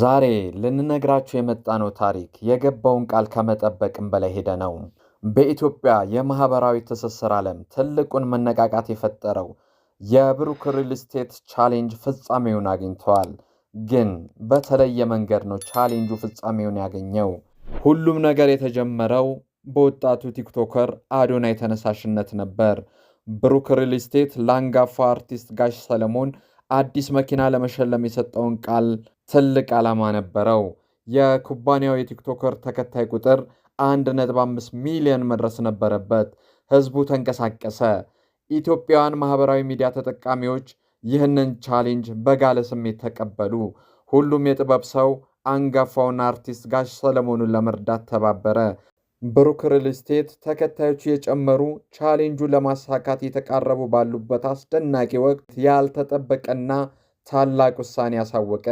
ዛሬ ልንነግራችሁ የመጣነው ታሪክ የገባውን ቃል ከመጠበቅም በላይ ሄደ ነው። በኢትዮጵያ የማህበራዊ ትስስር ዓለም ትልቁን መነቃቃት የፈጠረው የብሩክ ሪል ስቴት ቻሌንጅ ፍጻሜውን አግኝተዋል። ግን በተለየ መንገድ ነው ቻሌንጁ ፍጻሜውን ያገኘው። ሁሉም ነገር የተጀመረው በወጣቱ ቲክቶከር አዶናይ ተነሳሽነት ነበር። ብሩክ ሪል ስቴት ለአንጋፋ አርቲስት ጋሽ ሰለሞን አዲስ መኪና ለመሸለም የሰጠውን ቃል ትልቅ ዓላማ ነበረው። የኩባንያው የቲክቶከር ተከታይ ቁጥር 1.5 ሚሊዮን መድረስ ነበረበት። ህዝቡ ተንቀሳቀሰ። ኢትዮጵያውያን ማህበራዊ ሚዲያ ተጠቃሚዎች ይህንን ቻሌንጅ በጋለ ስሜት ተቀበሉ። ሁሉም የጥበብ ሰው አንጋፋውን አርቲስት ጋሽ ሰለሞኑን ለመርዳት ተባበረ። ብሩክ ሪል ስቴት ተከታዮቹ የጨመሩ ቻሌንጁን ለማሳካት የተቃረቡ ባሉበት አስደናቂ ወቅት ያልተጠበቀና ታላቅ ውሳኔ ያሳወቀ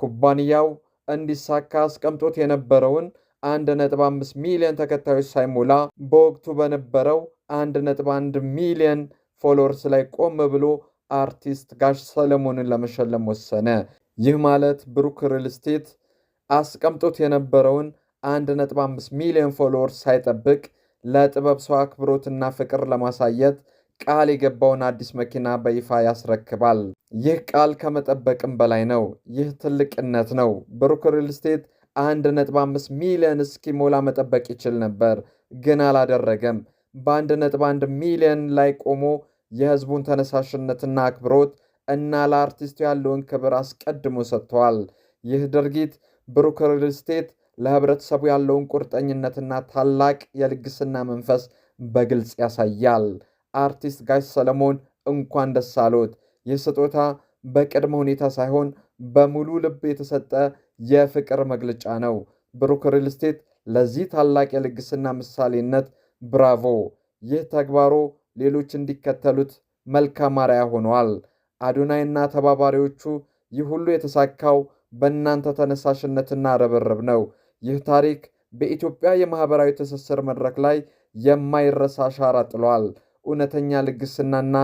ኩባንያው እንዲሳካ አስቀምጦት የነበረውን 1.5 ሚሊዮን ተከታዮች ሳይሞላ በወቅቱ በነበረው 1.1 ሚሊዮን ፎሎወርስ ላይ ቆም ብሎ አርቲስት ጋሽ ሰለሞንን ለመሸለም ወሰነ። ይህ ማለት ብሩክ ሪል ስቴት አስቀምጦት የነበረውን 1.5 ሚሊዮን ፎሎወርስ ሳይጠብቅ ለጥበብ ሰው አክብሮትና ፍቅር ለማሳየት ቃል የገባውን አዲስ መኪና በይፋ ያስረክባል። ይህ ቃል ከመጠበቅም በላይ ነው። ይህ ትልቅነት ነው። ብሩክ ሪል ስቴት 1.5 ሚሊዮን እስኪሞላ መጠበቅ ይችል ነበር፣ ግን አላደረገም። በ1.1 ሚሊዮን ላይ ቆሞ የህዝቡን ተነሳሽነትና አክብሮት እና ለአርቲስቱ ያለውን ክብር አስቀድሞ ሰጥተዋል። ይህ ድርጊት ብሩክ ሪል ስቴት ለህብረተሰቡ ያለውን ቁርጠኝነትና ታላቅ የልግስና መንፈስ በግልጽ ያሳያል። አርቲስት ጋሽ ሰለሞን እንኳን ደስ አሎት። ይህ ስጦታ በቅድመ ሁኔታ ሳይሆን በሙሉ ልብ የተሰጠ የፍቅር መግለጫ ነው። ብሩክ ሪል ስቴት ለዚህ ታላቅ የልግስና ምሳሌነት ብራቮ! ይህ ተግባሮ ሌሎች እንዲከተሉት መልካም አርአያ ሆኗል። አዶናይና ተባባሪዎቹ ይህ ሁሉ የተሳካው በእናንተ ተነሳሽነትና ርብርብ ነው። ይህ ታሪክ በኢትዮጵያ የማኅበራዊ ትስስር መድረክ ላይ የማይረሳ አሻራ ጥሏል። እውነተኛ ልግስናና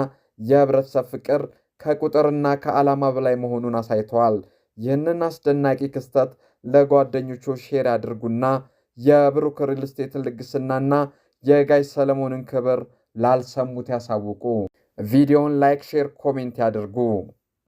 የህብረተሰብ ፍቅር ከቁጥርና ከዓላማ በላይ መሆኑን አሳይተዋል። ይህንን አስደናቂ ክስተት ለጓደኞቹ ሼር ያድርጉና የብሩክ ሪል ስቴትን ልግስናና የጋይ ሰለሞንን ክብር ላልሰሙት ያሳውቁ። ቪዲዮውን ላይክ፣ ሼር፣ ኮሜንት ያድርጉ።